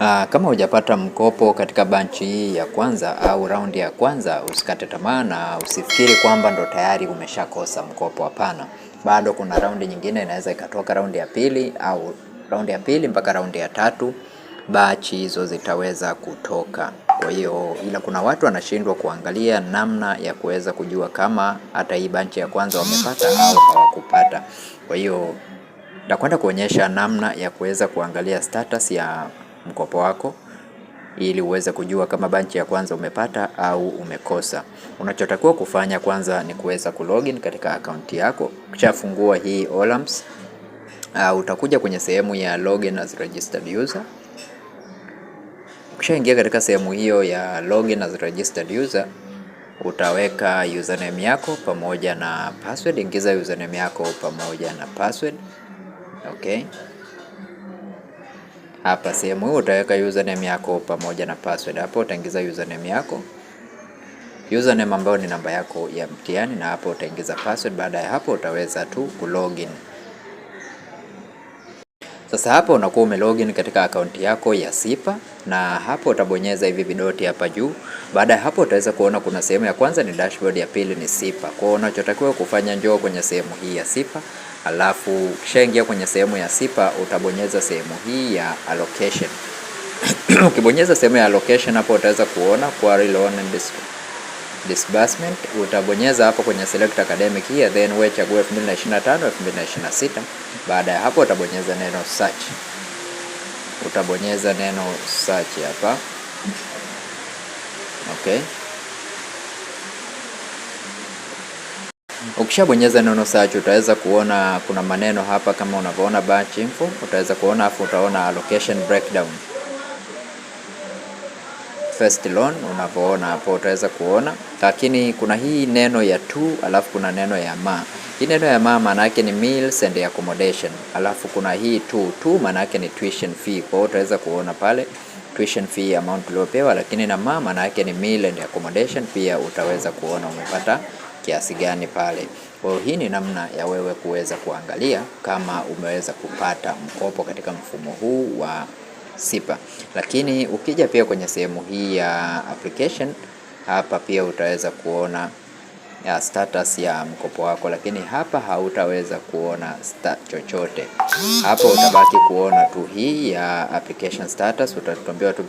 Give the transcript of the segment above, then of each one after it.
Aa, ah, kama hujapata mkopo katika banchi hii ya kwanza au raundi ya kwanza, usikate tamaa na usifikiri kwamba ndo tayari umeshakosa mkopo. Hapana, bado kuna raundi nyingine inaweza ikatoka, raundi ya pili au raundi ya pili mpaka raundi ya tatu, bachi hizo zitaweza kutoka. Kwa hiyo, ila kuna watu wanashindwa kuangalia namna ya kuweza kujua kama hata hii banchi ya kwanza wamepata au hawakupata. Kwa hiyo, nitakwenda kuonyesha namna ya kuweza kuangalia status ya mkopo wako ili uweze kujua kama banchi ya kwanza umepata au umekosa. Unachotakiwa kufanya kwanza ni kuweza kulogin katika akaunti yako. Ukishafungua hii Olams, uh, utakuja kwenye sehemu ya login as registered user. Ukishaingia katika sehemu hiyo ya login as registered user, utaweka username yako pamoja na password. Ingiza username yako pamoja na password. Okay. Hapa sehemu hii utaweka username yako pamoja na password. Hapo utaingiza username yako, username ambayo ni namba yako ya mtihani, na hapo utaingiza password. Baada ya hapo utaweza tu kulogin. Sasa hapa unakuwa umelogin katika akaunti yako ya SIPA na hapo utabonyeza hivi vidoti hapa juu. Baada ya hapo utaweza kuona kuna sehemu ya kwanza ni dashboard, ya pili ni SIPA. Kwa hiyo unachotakiwa kufanya, njoo kwenye sehemu hii ya SIPA, alafu kishaingia kwenye sehemu ya SIPA utabonyeza sehemu hii ya allocation. Ukibonyeza sehemu ya allocation hapo utaweza kuona query loan and disbursement utabonyeza hapo kwenye select academic year, then we chague 2025 2026. Baada ya hapo utabonyeza neno search, utabonyeza neno search hapa okay. Ukishabonyeza neno search utaweza kuona kuna maneno hapa kama unavyoona batch info, utaweza kuona afu utaona allocation breakdown first loan unavyoona hapo utaweza kuona, lakini kuna hii neno ya to alafu kuna neno ya ma. Hii neno ya ma maana yake ni meals and accommodation, alafu kuna hii to, to maana yake ni tuition fee. Kwa hiyo utaweza kuona pale tuition fee amount uliopewa, lakini na ma maana yake ni meal and accommodation, pia utaweza kuona umepata kiasi gani pale. Kwa hiyo hii ni namna ya wewe kuweza kuangalia kama umeweza kupata mkopo katika mfumo huu wa sipa. Lakini ukija pia kwenye sehemu hii ya application hapa pia utaweza kuona ya status ya mkopo wako, lakini hapa hautaweza kuona chochote. Hapo utabaki kuona tu hii ya application status, utatumbiwa tu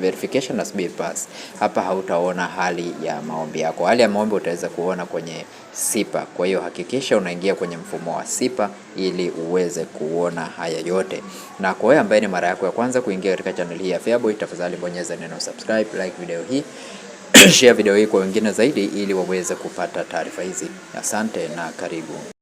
verification na submit pass. Hapa hautaona hali ya maombi yako. Hali ya maombi utaweza kuona kwenye SIPA. Kwa hiyo hakikisha unaingia kwenye mfumo wa SIPA ili uweze kuona haya yote. Na kwa wewe ambaye ni mara yako ya kwanza kuingia katika channel hii ya Feaboy, tafadhali bonyeza neno subscribe, like video hii share video hii kwa wengine zaidi ili waweze kupata taarifa hizi. Asante na karibu.